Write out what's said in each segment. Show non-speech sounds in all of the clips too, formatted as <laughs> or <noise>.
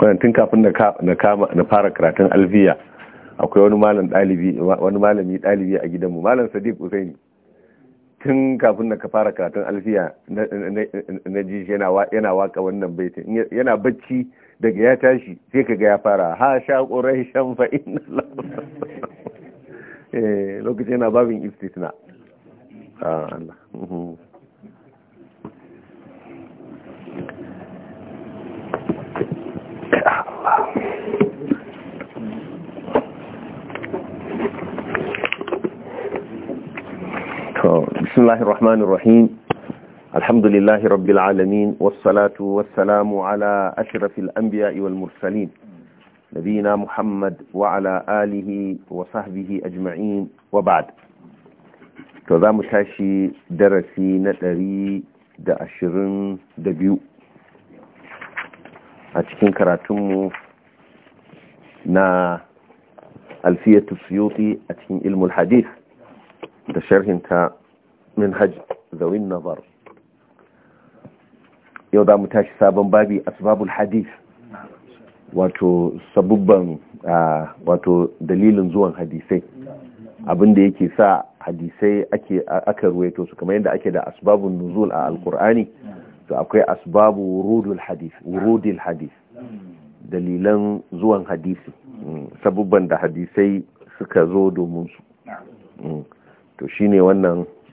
tun kafin na fara karatun alfiya akwai wani malam dalibi wani malami dalibi a gidanmu malam sadiq usaini tun kafin na fara karatun alfiya na ji yana waka wannan baitin yana bacci daga ya tashi sai kaga ya fara ha sha ƙurai shan fa'in <laughs> eh, lokacin yana babin istisna ah, mhm. بسم الله الرحمن الرحيم الحمد لله رب العالمين والصلاة والسلام على أشرف الأنبياء والمرسلين نبينا محمد وعلى آله وصحبه أجمعين وبعد تضام تاشي درسي نتري دا أشرن دبيو أتكين كراتمو نا ألفية السيوطي أتكين علم الحديث da sharhinta min hajj zawin za mu tashi sabon babi asbabul hadith wato dalilin zuwan hadisai abinda yake sa hadisai ake aka ruwaito su kamar yadda ake da asbabun nuzul a alkur'ani to akwai asbabu wurudul hadith wurudil hadith dalilan zuwan hadisi mm, sabubban da hadisai suka zo domin su mm, to shine wannan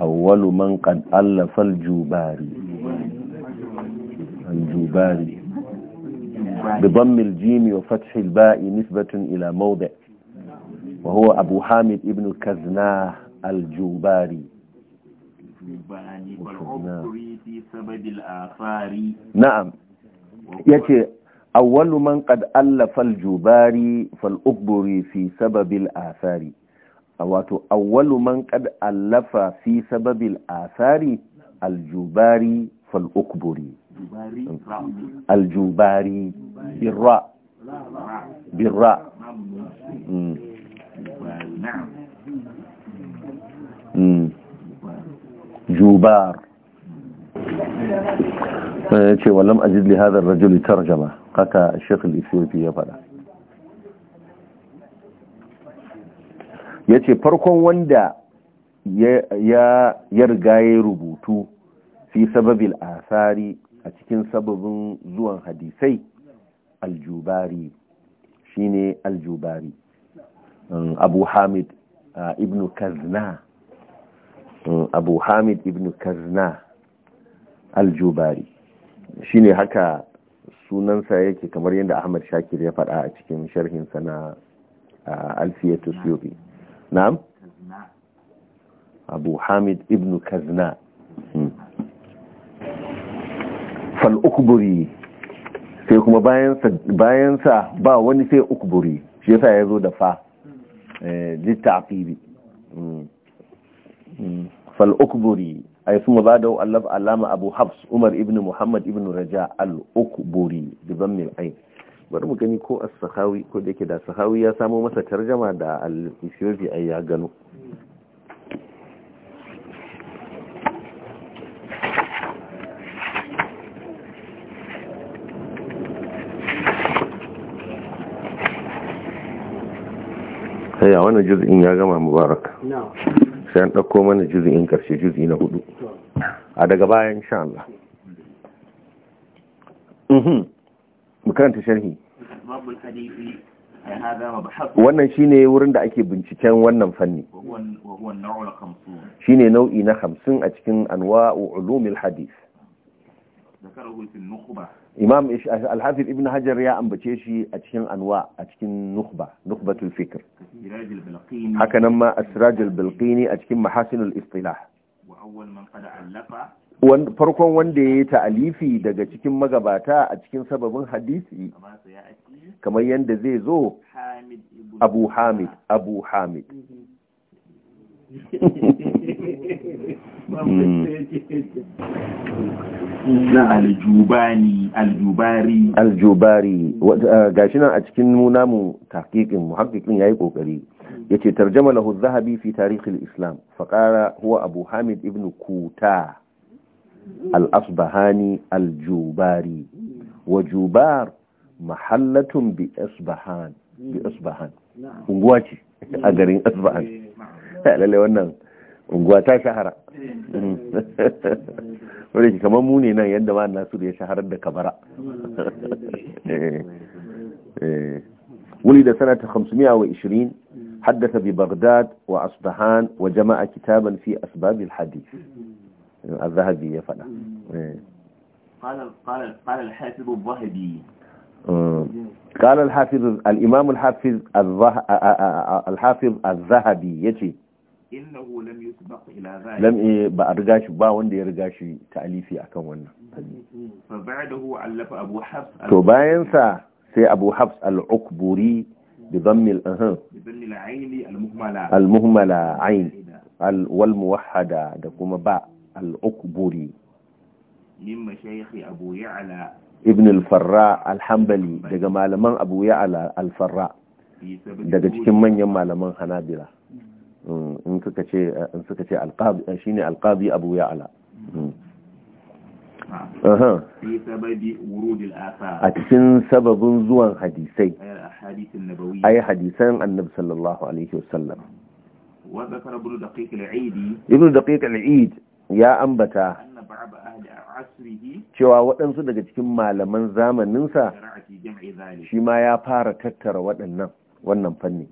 أول من قد ألف الجوباري الجوباري بضم الجيم وفتح الباء نسبة إلى موضع وهو أبو حامد ابن كزناه الجوباري نعم يأتي أول من قد ألف الجوباري فالأكبر في سبب الآثار wato awwalu man qad allafa fi sababil asari aljubari fal ukburi aljubari birra birra جوبار ce walam ajid li hadha ar-rajul tarjama haka Sheikh al-Ethiopia ya fada ya ce farkon wanda ya yarga ya rubutu fi sababil asari a cikin sababin zuwan hadisai aljubari shine aljubari um, abu hamid uh, ibn kazna um, abu hamid ibn kazna aljubari shine haka sunansa yake kamar yadda ahmad shakir ya faɗa a cikin sharhinsa na uh, alfiyatu suyobi na'am abu hamid ibn kazna hmm. fal'ukburi sai kuma bayansa ba wani sai ukburi shi yasa ya zo da fa eh, littafiri hmm. hmm. fal'ukburi a yi suma ba da allama abu habs umar ibn muhammad ibn raja al'ukburi dubban bari mu gani ko as-sahawi ko da yake da sahawi ya samo masa tarjama da al-isyuzi ai ya gano sai a wannan juzi'in ya gama mubarak sai an ɗauko mana juzi'in ƙarshe juz'i na hudu a daga bayan insha Allah mhm. mu karanta sharhi wannan shine wurin da ake binciken wannan fanni shine nau'i na hamsin a cikin anwa'u ulumil hadith imam al-hafiz ibn hajar ya ambace shi a cikin anwa a cikin nukhba nukhbatul fikr haka nan ma asraj al-bilqini a cikin mahasinul istilah farkon wanda ya yi ta'alifi daga cikin magabata a cikin sababin hadisi kamar yadda zai zo abu hamid abu hamid mm-hmm. na aljubani aljubari aljubari ah, gashi nan a cikin namu tahqiqin yi yayi kokari mm-hmm. yace tarjama lahu zahabi fi tarikh islam faƙara huwa abu hamid ibn kuta mm-hmm. al-asbahani aljubari wa jubar mahallatun bi asbahan bi asbahan unguwa ce a garin asbahan lalle wannan unguwa ta shahara wadda ke kamar mu ne nan yadda ma nasiru ya shaharar da kabara ولد سنة 520 حدث ببغداد وأصبهان وجمع كتابا في أسباب الحديث الذهبي يفعل قال قال قال الحافظ الذهبي قال الحافظ الإمام الحافظ الظه... الحافظ الذهبي يتي إنه لم يسبق إلى ذلك لم إيه بأرجاش با وند يرجاش تأليفي أكن ونا فبعده ألف أبو حفص تو باين سا سي أبو حفص العكبري بضم الأه بضم العين المهملة المهملة عين والموحدة دكما باء العكبري من مشايخ أبو يعلى ibn al-farra al-hambali daga malaman abu ya al-farra daga cikin manyan malaman hanabila mm, in suka ce in suka ce al-qadi shine al-qadi abu ya'ala mm. a cikin sababin zuwan hadisai ay hadisan annabi sallallahu alaihi wasallam ibn daqiq al-eid ya ambata cewa waɗansu daga cikin malaman zamaninsa shi ma ya fara tattara waɗannan wannan fanni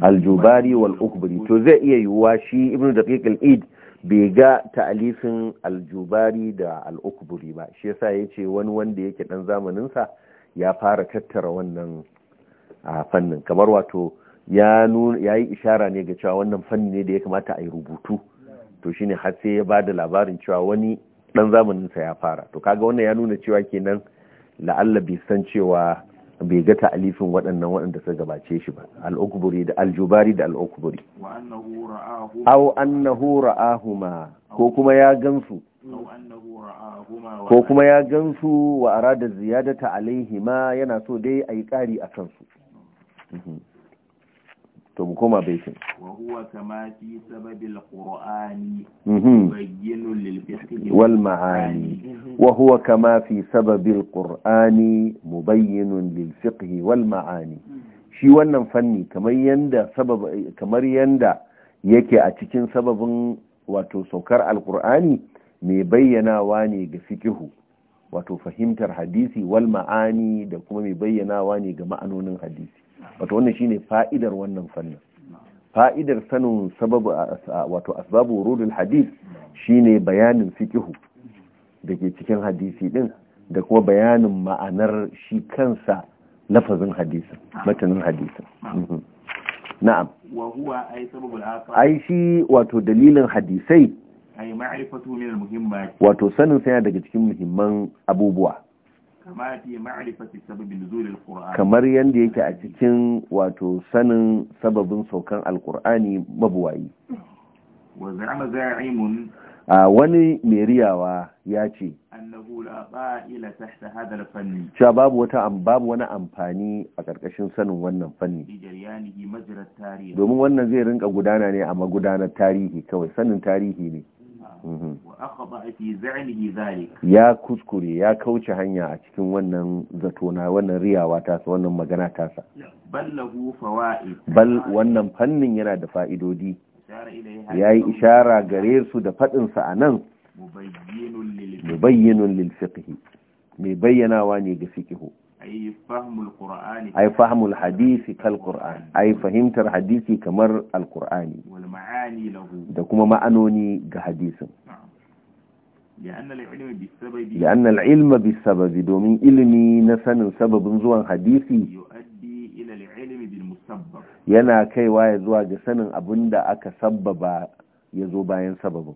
aljubari wal ukbari to zai iya yiwuwa shi ibn daqiq al'id bai ga ta'alifin aljubari da al'ukburi ba shi yasa ya ce wani wanda yake ɗan zamaninsa ya fara tattara wannan fannin kamar wato ya yi ishara ne ga cewa wannan fanni ne da ya kamata a yi rubutu to shine har sai ya ba da labarin cewa wani dan zamaninsa ya fara to kaga wannan ya nuna cewa kenan la'alla bai san cewa bai ga ta'alifin waɗannan waɗanda suka gabace shi ba al'ukburi da aljubari da al'ukburi au annahu ra'ahuma ko kuma ya gansu ko kuma ya gansu wa arada ziyadata alaihima yana so dai a yi ƙari a kansu mm-hmm. to mu koma baitin wa huwa kama fi sababil qur'ani mhm. bayyinun lil fiqhi wal ma'ani mhm. wa huwa kama fi sababil qur'ani mubayyinun lil fiqhi wal ma'ani mhm. shi wannan fanni kamar yanda sabab kamar yanda yake a cikin sababin wato saukar alqur'ani mai bayyanawa ne ga fiqhu wato fahimtar hadisi wal ma'ani da kuma mai bayyanawa ne ga ma'anonin hadisi wato wannan shine fa'idar wannan fannin fa'idar sanin sababu wato asbabu wurudul hadith shine bayanin fiqhu da ke cikin hadisi din da kuma bayanin ma'anar shi kansa lafazin hadisin matanin hadisin mhm. na'am ai shi wato dalilin hadisai wato sanin sai daga cikin muhimman abubuwa kamar yadda yake a cikin wato sanin sababin saukan alkur'ani mabuwayi a wani meriyawa ya ce cewa babu wata babu wani amfani a ƙarƙashin sanin wannan fanni domin wannan zai rinka gudana ne a magudanar tarihi kawai sanin tarihi ne Mhm. ya kuskure ya kauce hanya a cikin wannan zatona wannan riyawa tasa wannan magana tasa bal wannan fannin yana da fa'idodi ya yi ishara gare su da faɗinsa a nan mubayyinun lil fiqhi mai bayyanawa ne ga fiqhu ay fahimul hadisi kal ƙur'an ay fahimtar hadisi kamar al alƙur'ani da kuma ma'anoni ga hadisin da annal ilma bi sababi domin ilimi na sanin sababin zuwan hadisi yana kaiwa ya zuwa ga sanin abinda aka sababa ya zo bayan sababin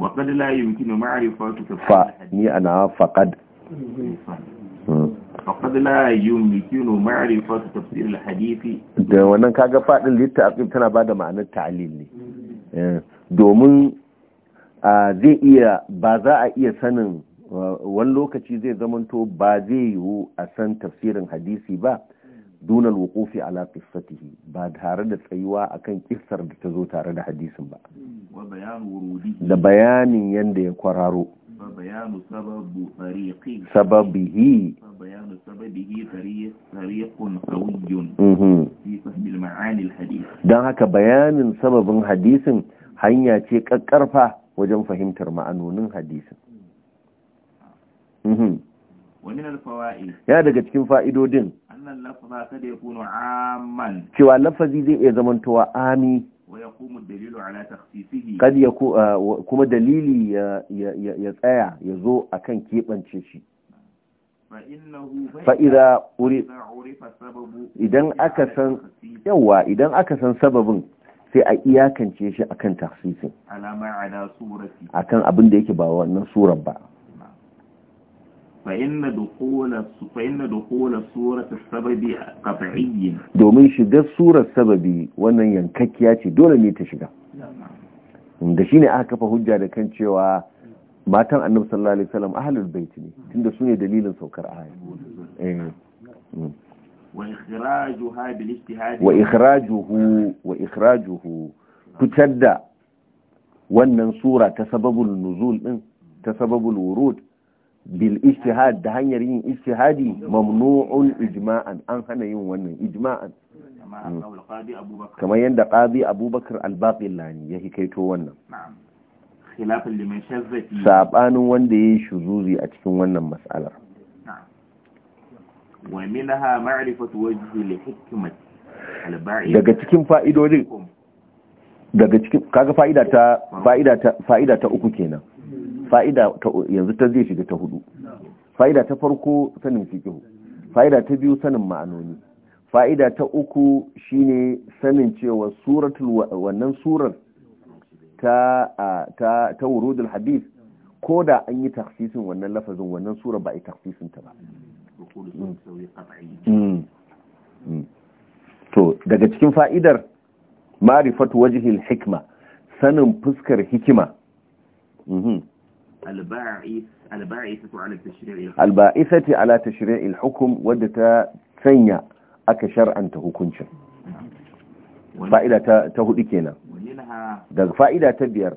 وقد لا يمكن معرفتك فني انا فقد فقد لا يمكن معرفة تفسير الحديث da wannan kaga fadin littafin tana bada ma'anar ta'lil ne eh, domin zai iya ba za a iya sanin wani lokaci zai zamanto ba zai yiwu a san tafsirin hadisi ba dunal wuqufi ala qissatihi ba tare da tsayuwa akan kissar da ta zo tare da hadisin ba da bayanin yanda ya kwararo sababihi don haka bayanin sababin hadisin hanya ce ƙaƙƙarfa wajen fahimtar ma'anonin hadisin ya daga cikin fa'idodin cewa lafazi zai iya zamantowa ami kad ya kuma dalili ya tsaya ya zo a kan keɓance shi fa'ida idan aka san yawa idan aka san sababin sai a iyakance shi akan a kan abin da yake ba wannan surar ba فإن دخول فإن دخول سورة السبب قطعي domin shigar surar sababi wannan yankakkiya ce dole ne ta shiga da shine aka kafa hujja da kan cewa matan annabi sallallahu alaihi wasallam ahlul bait ne tunda sune dalilin saukar aya eh wa ikhrajuha bil wa ikhrajuhu fitar da wannan sura ta sababul nuzul din ta sababul wurud bil ijtihad da hanyar yin ijtihadi mamnu'un ijma'an an hana yin wannan ijma'an kamar yadda qadi abubakar al-baqillani ya hikaito wannan sabanin wanda ya yi shuzuzi a cikin wannan mas'alar daga cikin fa'idodin daga cikin kaga fa'ida ta fa'ida ta fa'ida ta uku kenan fa'ida yanzu ta zai shiga ta hudu fa'ida ta farko sanin fikihu fa'ida ta biyu sanin ma'anoni fa'ida ta uku shine sanin cewa suratul wannan surar ta ta hadith ko da an yi taksisin wannan lafazin wannan sura ba a yi taksisin ta ba mm. Mm. Mm. to daga cikin fa'idar ma'rifatu wajhil hikma sanin fuskar hikima mm-hmm. alba'isati ala tashri'il hukum wadda ta sanya aka shar'anta hukuncin fa'ida ta hudu kenan daga fa'ida ta biyar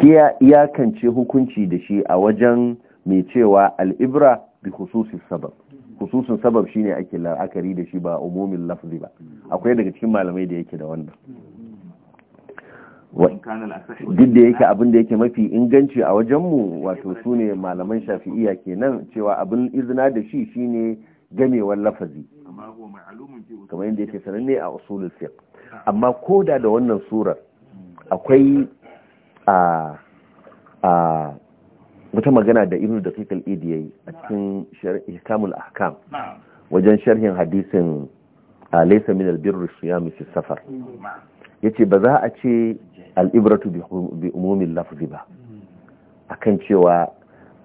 kiya iyakance hukunci da shi a wajen mai cewa al'ibra bi khususin sabab khususin sabab shine ake la'akari da shi ba umumin lafzi ba akwai daga cikin malamai da yake da wannan duk da yake abin da yake mafi inganci a wajenmu wato su ne malaman shafi'iya kenan cewa abin izina da shi shine gamewar lafazi kamar yadda yake sananne a usulul fiqh ah. amma ko da da wannan surar akwai a a wata magana da ibnu da al-idi yayi a cikin ihkamul ahkam wajen sharhin hadisin laysa min al-birri siyam fi safar yace ba za a ce al'ibratu bi umumin lafazi ba a kan cewa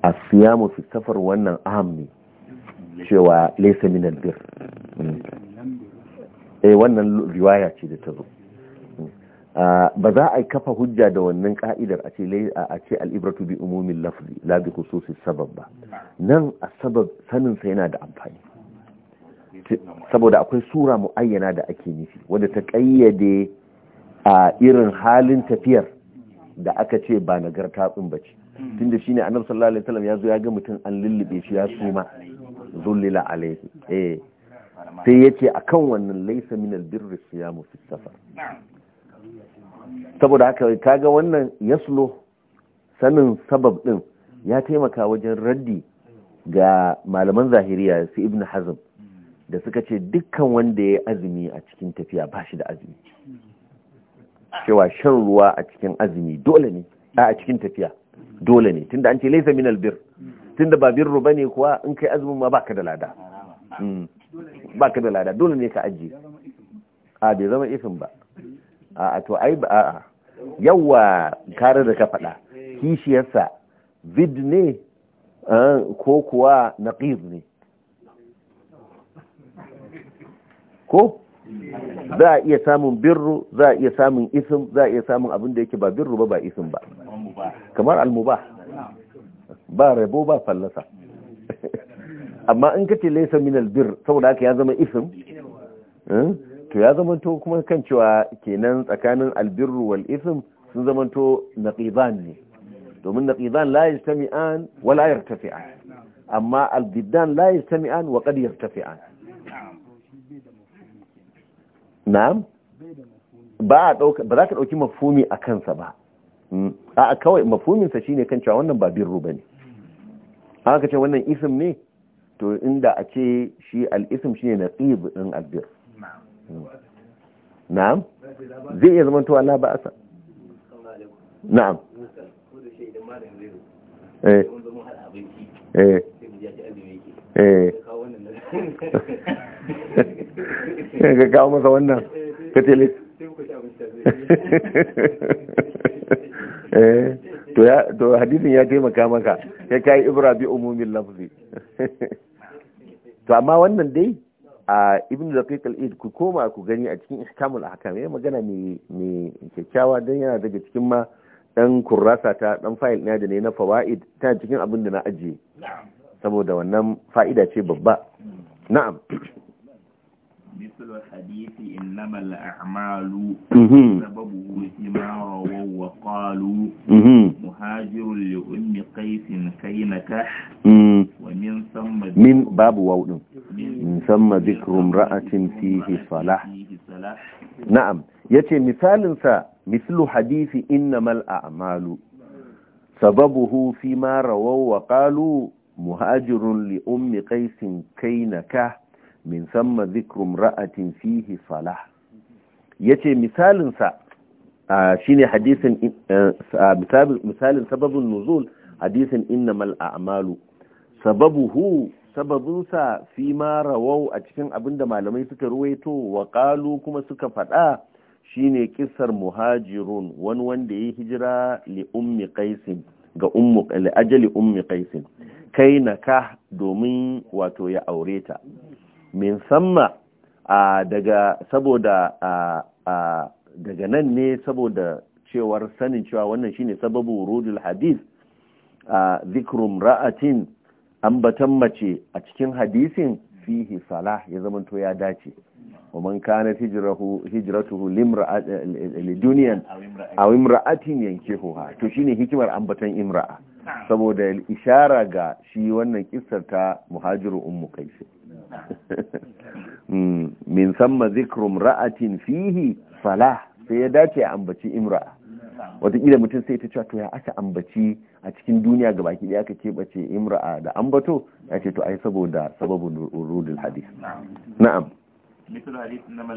a siya fi safar wannan aham ne cewa laisa min albir eh wannan riwaya ce da ta zo ah, ba za a kafa hujja da wannan ka'idar a ce al'ibratu bi umumin lafzi la bi khususi sabab ba nan a sabab sanin sa yana da amfani saboda akwai sura muayyana da ake nufi wadda ta kayyade a irin halin tafiyar da aka ce ba garta ɗin ba ce tun tunda shine annabi sallallahu alaihi wasallam ya zo ya ga mutum an lullube shi ya suma zullila alaihi eh sai yace akan wannan laysa min albirri siyamu fi safar saboda haka kaga wannan yaslo sanin sabab din ya taimaka wajen raddi ga malaman zahiriya su ibn hazm da suka ce dukkan wanda ya azumi a cikin tafiya ba shi da azumi cewa shan ruwa a cikin azumi dole ne a cikin tafiya dole ne tunda an ce laisa min albir tunda ba birru bane kuwa in kai azumin ma baka da lada hmm, baka da lada dole ne ka ajiye a bai zama ifin ba a to ai ba a yawa kare da ka faɗa kishiyarsa vid ne ko kuwa naqiz ne ko za a iya samun birru za a iya samun isim za a iya samun abin da yake ba birru ba ba isim ba kamar almuba ba rabo ba fallasa <laughs> amma in kace laysa min albir saboda haka ya zama isim eh, to ya zama to kuma kan cewa kenan tsakanin albirru wal isim sun zama to naqidan ne domin naqidan la yastami'an wala yartafi'an amma albiddan la yastami'an wa qad yartafi'an na'am ba a dauka ba za ka dauki mafhumi a kansa ba mm. a kawai sa shine kan cewa wannan ba birru ba ne haka ce wannan isim ne to inda a ce shi ism shine na tsib ɗin albir na'am zai iya zama to Allah ba asa na'am eh eh Eh. ka kawo masa wannan ka <laughs> eh, tele to hadisin ya taimaka maka ya kayi ibra bi umumin lafzi <laughs> to amma wannan dai a ibn zakiq al-id ku koma ku gani a cikin ihkamul ahkam ya magana ne kyakkyawa dan yana daga cikin ma dan kurrasa ta dan fayil na da ne na fawaid ta cikin abin da na ajiye saboda wannan fa’ida ce babba na’am mhm. mhm. mhm. min babu wa’udin musamman na’am ya ce misalinsa mislu hadithi innamal amalu. sababu hufi mara wawwa ƙalu muhajirun li ummi qaisin kainaka min samma zikrum ra'atin fihi salah yace misalin sa shine hadisin misalin sababun nuzul hadisin innamal a'malu sababuhu sababinsa fi ma rawau a cikin abinda malamai suka ruwaito wa qalu kuma suka faɗa shine kissar muhajirun wani wanda ya hijira li ummi qaisin ga ummu ajali ummi kai na ka domin wato ya aure ta min samma daga saboda daga nan ne saboda cewar sanin cewa wannan shine sababu rudul hadis, a zikrum ra'atin ambatan mace a cikin hadisin fihi salah ya zamanto ya dace wa man kana hijratuhu limra'atin yanke imra'atin yankihuha to shine hikimar ambatan imra'a saboda ishara ga shi wannan kisar ta muhajiru ummu kaisi hmm. min samma zikrum ra'atin fihi falah sai ya dace a ambaci imra'a watakila mutum sai ta cewa to ya aka ambaci a cikin duniya ga baki ɗaya aka keɓace imra'a da ambato ya ce to ai saboda sababin rudul hadis na'am kama hadisin inna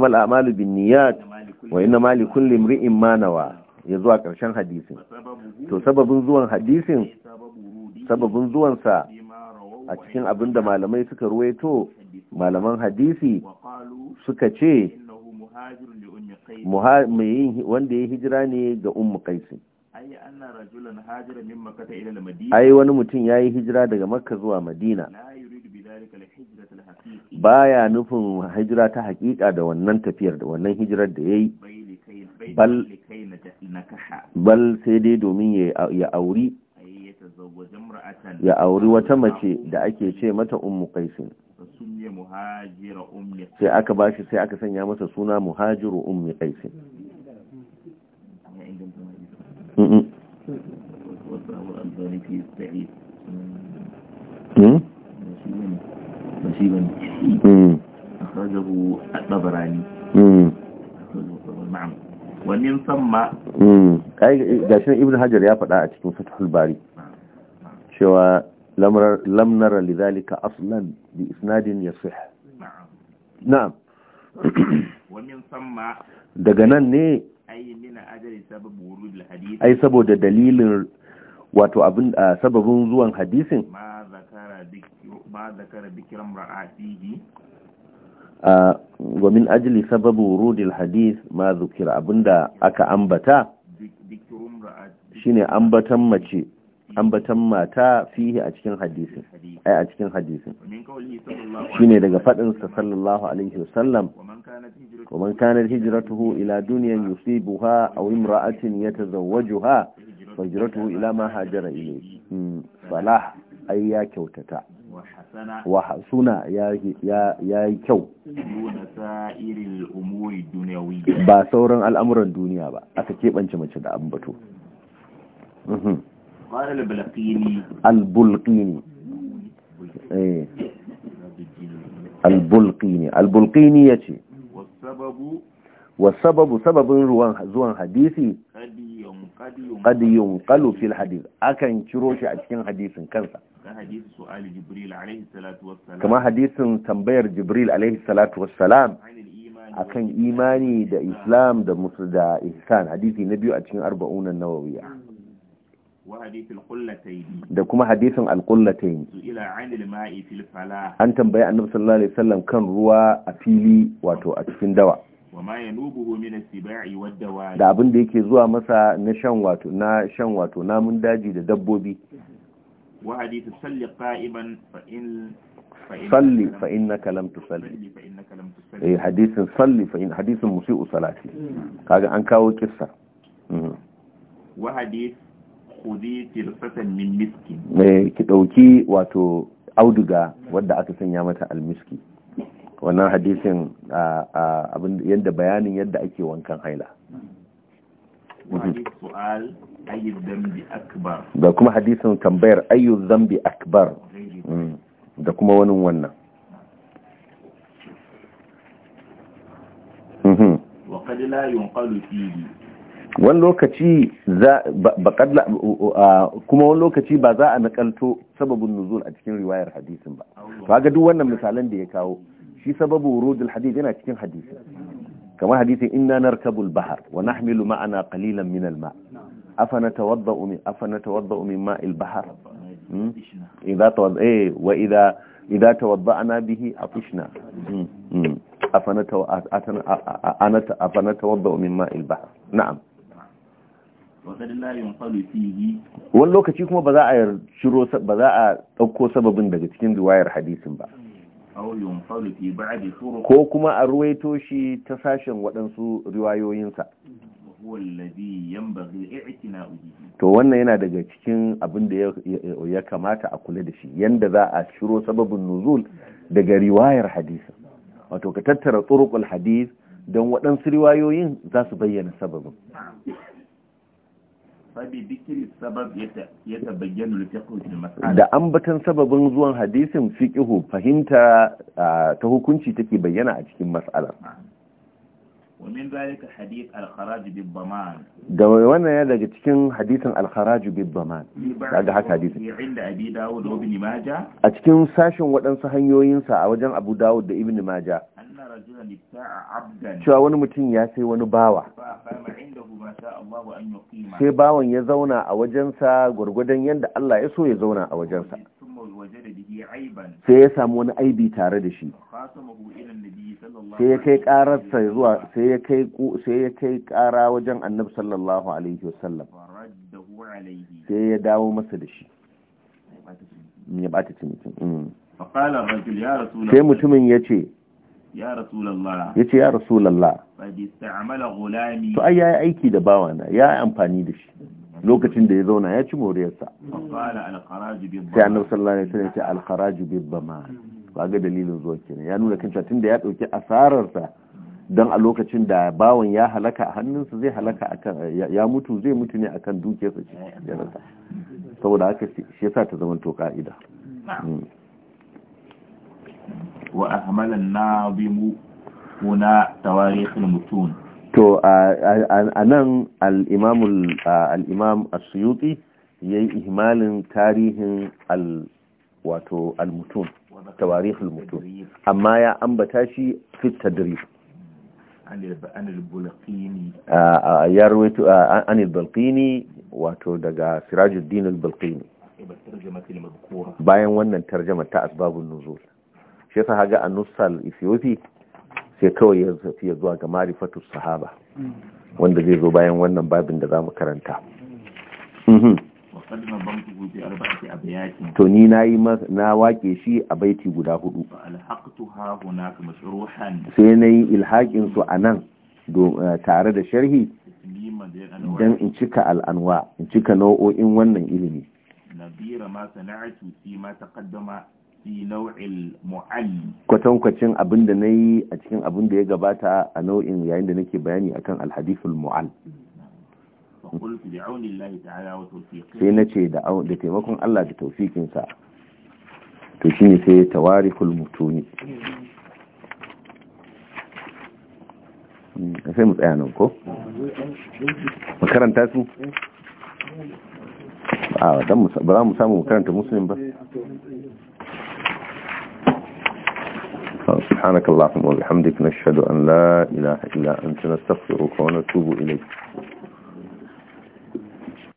mal a'malu bin niyyat wa inna ma kulli imri'in ma nawa ya zuwa ƙarshen hadisin to sababin zuwan hadisin sababin zuwansa a cikin abin da malamai suka ruwaito malaman hadisi suka ce wanda ya hijira ne ga ummu kaisin ai wani mutum ya yi hijira daga makka zuwa madina baya nufin hijira ta hakika da wannan tafiyar da wannan hijirar da ya yi bal sai dai domin ya auri ya auri wata mace da ake ce mata ummu qaisin sai aka bashi sai aka sanya masa suna muhajiru ummi qaisin أخرجه الطبراني wani ga shi ibnu hajar ya faɗa a cikin fathul bari cewa lamnara lidhalika aslan bi isnadin yasih na'am wani ma daga nan ne ai saboda dalilin wato abin a sababin zuwan hadisin ma zakara bikiran ra'asihi wa min sababu wurudil hadith ma zukira abinda aka ambata shine ambatan mace ambatan mata fihi a cikin hadisin ai a cikin hadisin shine daga fadin sa sallallahu alaihi wasallam wa man kanat hijratuhu ila dunyan yusibuha aw imra'atin yatazawwajuha fa hijratuhu ila ma hajara ilayhi falah ai ya kyautata wa suna ya yi kyau ba sauran al'amuran duniya ba aka keɓance mace da abin bato albulkini albulkini ya ce wasababu sababin ruwan zuwan hadisi kadiyun, qalu, fil hadith akan ciro shi a cikin hadisin kansa Kama hadisin tambayar jibril alaihi salatu wassalam akan imani da islam da musu da ihsan hadisi na biyu a cikin arba'unan nawawiya da kuma hadisin alƙullatai an tambaya annabi sallallahu alaihi wasallam kan ruwa a fili wato a cikin dawa da abin da yake zuwa masa na shan wato na shan wato namun daji da dabbobi وحديث صل قائما فإن صلي فإنك لم تصلي إيه حديث صلي فإن حديث مسيء صلاتي كاجا أن كاو قصة وحديث خذي ترفة من مسك إيه كدوكي واتو auduga wadda aka sanya mata almiski wannan hadisin abin yadda bayanin yadda ake wankan haila da kuma hadisin tambayar ayyu zambi akbar mm. da kuma wani wannan mhm. wani lokaci kuma wani lokaci ba za a nakalto sababin nuzul a cikin riwayar hadisin ba to ga duk wannan misalan da ya kawo shi sababu wurudul hadis yana cikin hadisin kamar hadisin inna narkabul bahar wa nahmilu ma'ana qalilan min al afana tawadda'u min afana tawadda'u min ma'il bahar idza tawadda eh wa bihi afishna afana na'am wani lokaci kuma ba za a shiro ba za a ɗauko sababin daga cikin riwayar hadisin ba ko kuma a ruwaito shi ta sashen waɗansu riwayoyinsa to wannan yana daga cikin abin da ya kamata a kula da shi yanda za a shiro sababin nuzul daga riwayar hadisa. wato ka tattara tsurukul hadis don waɗansu riwayoyin za su bayyana sababin da ambatan sababin zuwan hadisin fiƙihu fahimta ah, ta hukunci take bayyana a cikin mas'alar ah. ومن ذلك حديث الخراج بالضمان جمع وانا daga cikin hadisin al-kharaj bil-daman kaga haka hadisi inda abi dawud wa a cikin sashin wadansu hanyoyin sa a wajen abu dawud da ibn maja anna rajulan ibta'a abdan cewa wani mutum ya sai wani bawa sai bawan ya zauna a wajen sa gurgudan yanda Allah ya so ya zauna a wajen sa sai ya samu wani aibi tare da shi sai ya kai ƙararsa zuwa sai ya kai sai ya kai ƙara wajen annabi sallallahu alaihi wasallam sai ya dawo masa da shi ya bata cinikin mm. sai mutumin ya ce ya rasulallah ya ce ya rasulallah to ai ya yi aiki da bawa na, ya yi amfani da shi lokacin da ya zauna ya ci moriyarsa sai annab sallallahu alaihi wasallam ya ce alkharaju bibba Bama. ba ga dalilin zuwa kenan ya nuna kanta tunda ya dauki asararsa don a lokacin da bawan ya halaka a hannunsa zai halaka akan ya mutu zai mutu ne akan dukiyarsa ce ya rasa saboda haka shi yasa ta zama to ka'ida mm. wa ahmalan nabimu kuna tawarikhul mutun to a nan al'imamul al'imam asuyuti ya yi ihmalin tarihin al-wato al-mutun tawarihul mutum amma ya ambata shi fit tadrib ya rawaito balqini wato daga sirajuddin al-balqini bayan wannan tarjama ta asbabun nuzul shi yasa haga a Nusal ethiopi sai kawai ya tafi zuwa ga marifatu sahaba wanda zai zo bayan wannan babin da zamu karanta to ni na yi na wake shi a baiti guda hudu sai na yi ilhaƙin su a nan eh, tare da sharhi don in cika al'anwa in cika nau'o'in wannan ilimi kwatankwacin abin da na yi a cikin abin da ya gabata a nau'in yayin da nake bayani akan alhadithul mu'al sai na ce da taimakon Allah da taufikinsa to shi ne sai tawarikul mutuni hmm, sai mu tsaya nan ko? makaranta su? a don ba za mu samu makaranta musulun ba سبحانك اللهم وبحمدك نشهد أن لا إله إلا أنت نستغفرك ونتوب إليك